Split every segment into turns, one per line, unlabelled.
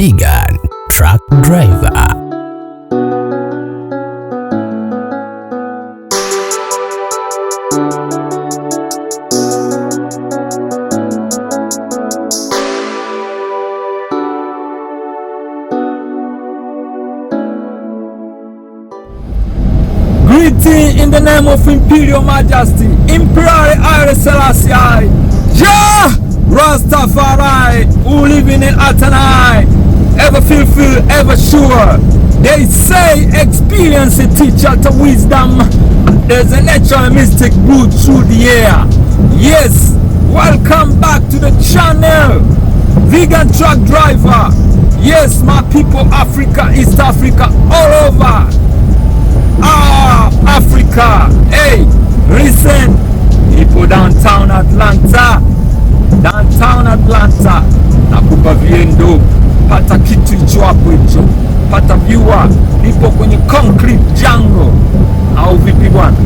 vegan truck driver.
Greeting in the name of Imperial Majesty, Imperial Iris Selassie, Jah Rastafari, who live in Atenai, ever sure. They say experience a teacher to wisdom. There's a natural mystic brewed through the air. Yes, welcome back to the channel. Vegan truck driver. Yes, my people, Africa, East Africa, all over. Ah, Africa. Hey, listen. People downtown Atlanta. Downtown Atlanta. Nakupa viendo pata kitu hicho hapo hicho, pata vyua. Nipo kwenye concrete jungle, au vipi bwana?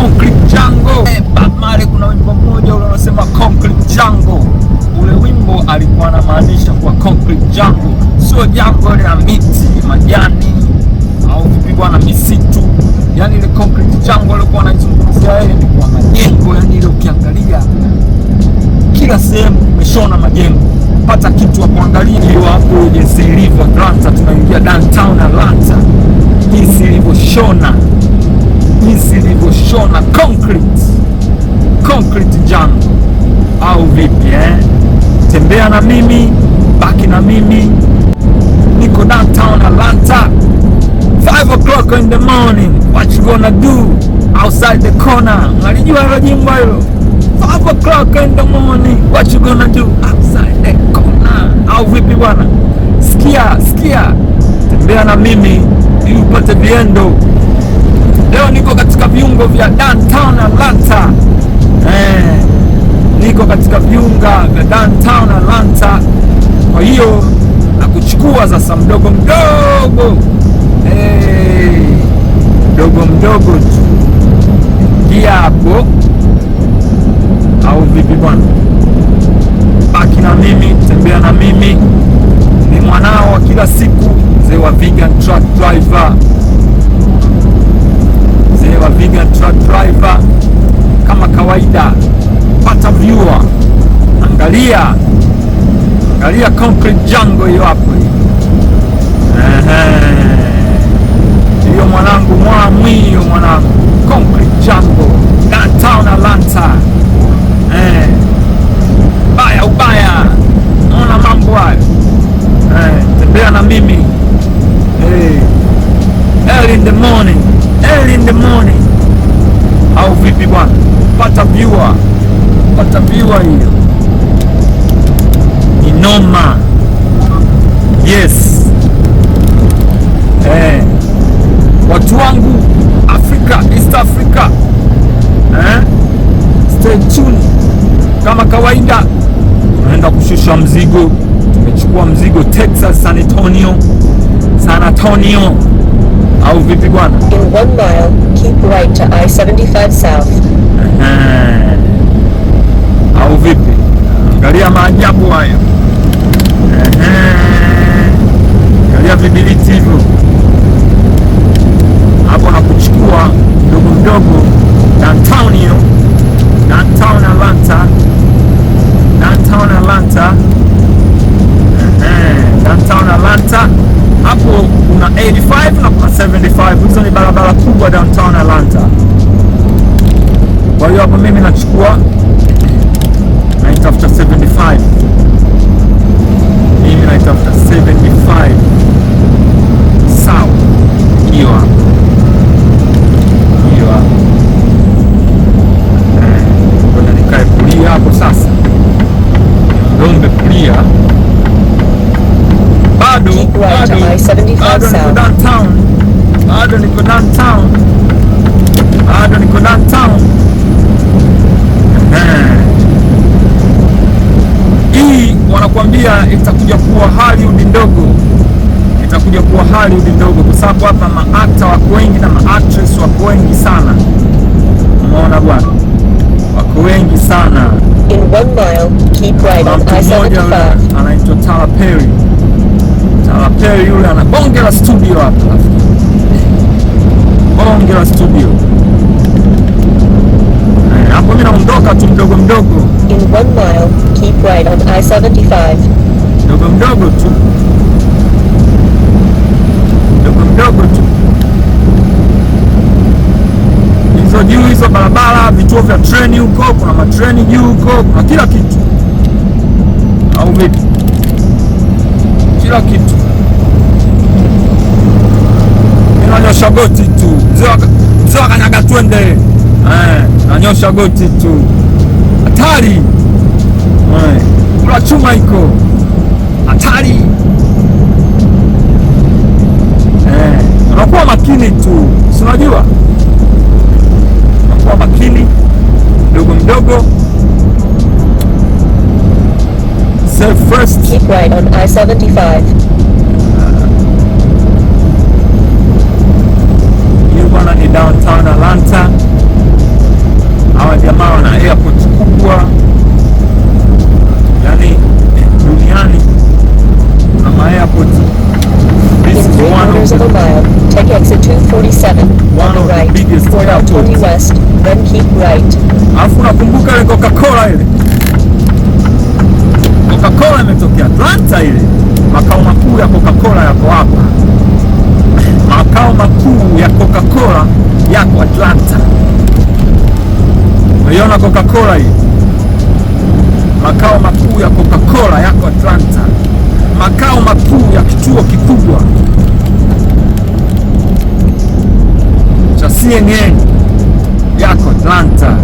Concrete jungle. Eh, Bob Marley kuna wimbo mmoja ule unasema concrete jungle. Ule wimbo alikuwa anamaanisha kwa concrete jungle, sio jungle ya miti, majani au vipi bwana, misitu. Yani ile concrete jungle alikuwa anaizungumzia yeye ni kwa majengo, yani ile ukiangalia kila sehemu imeshona majengo kupata kitu wa kuangalia iwapo jinsi ilivyo Atlanta. Tunaingia downtown Atlanta, jinsi ilivyoshona, jinsi ilivyoshona concrete, concrete jungle au vipi eh? Tembea na mimi, baki na mimi, niko downtown Atlanta 5 o'clock in the morning, what you gonna do outside the corner? Nalijua hilo jimbo hilo, 5 o'clock in the morning, what you gonna do au vipi bwana? Sikia, sikia, tembea na mimi ili upate viendo. Leo niko katika viungo vya downtown Atlanta. Eh, niko katika viunga vya downtown Atlanta, kwa hiyo nakuchukua sasa mdogo mdogo, eh, mdogo mdogo tu, ingia hapo au vipi bwana? na mimi, tembea na mimi ni mwanao wa kila siku, mzee wa vegan truck driver, mzee wa vegan truck driver. Kama kawaida, pata viewer, angalia angalia concrete jungle hiyo hapo. in the morning, early in the morning. Au vipi bwana? Pata viewer, pata viewer hiyo ni noma. Yes eh, watu wangu Afrika, East Africa eh? Stay tuned kama kawaida, tunaenda kushusha mzigo. Tumechukua mzigo Texas, San Antonio, San Antonio au vipi bwana?
In one mile, keep right to I-75 south.
Au vipi? Angalia maajabu haya. Angalia vibiliti hivyo. 65 na 75. Hizo ni barabara kubwa downtown Atlanta. Kwa hiyo hapa mimi nachukua naitafuta 75, mimi naitafuta 75 niko downtown, bado niko downtown. Hii wanakuambia itakuja kuwa Hollywood ndogo, itakuja kuwa Hollywood ndogo, kwa sababu hapa maakta wako wengi na maactress wako wengi sana. Umeona bwana, wako wengi sana.
Mmoja
anaitwa Tyler Perry, Tyler Perry yule ana bonge la studio hapa Kagera studio eh, hapo. Mimi naondoka tu mdogo mdogo,
in one mile keep right on I-75,
mdogo mdogo tu mdogo mdogo tu. Hizo juu hizo barabara, vituo vya treni huko, kuna matreni juu huko, kuna kila kitu au vipi? Kila kitu inanyosha goti tu mzee akanaga twende, eh, nanyosha goti tu, hatari eh, kula chuma iko hatari, eh, unakuwa makini tu, si unajua, unakuwa makini mdogo mdogo. Keep
right on I-75.
Atlanta. Hawa jamaa wana airport kubwa, yani duniani ama airport Alafu nakumbuka ile Coca-Cola ile Coca-Cola imetokea Atlanta ile. Makao makuu ya Coca-Cola yako hapa, makao makuu ya Coca Naiona Coca-Cola hii, makao makuu ya Coca-Cola yako Atlanta, makao makuu ya kituo kikubwa cha CNN yako Atlanta.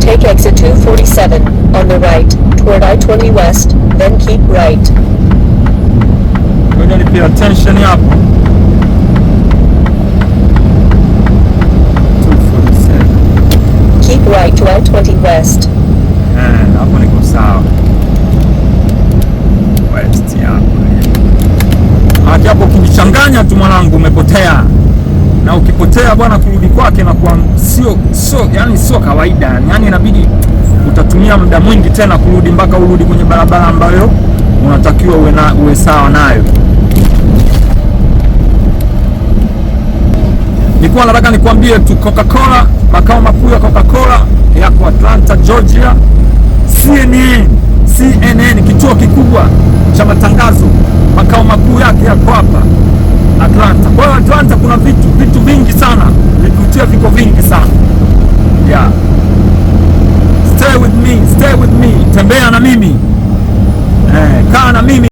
Take exit 247 on the right toward I-20 west then keep right.
Ngoja ni pay attention hapo.
right to i 20 West.
gonna go south. West hapo. Hapo ukinichanganya tu mwanangu umepotea. Na ukipotea bwana kurudi kwake na kwa sio sio yani sio kawaida. Yani inabidi utatumia muda mwingi tena kurudi mpaka urudi kwenye barabara ambayo unatakiwa uwe sawa nayo. Nilikuwa nataka nikwambie tu Coca-Cola, makao makuu ya Coca-Cola yako Atlanta, Georgia. CNN, CNN kituo kikubwa cha matangazo, makao makuu yake yako hapa Atlanta. Kwa hiyo Atlanta kuna vitu vitu vingi sana, vivutio viko vingi sana yeah. Stay with me, stay with me, tembea na mimi eh, kaa na mimi.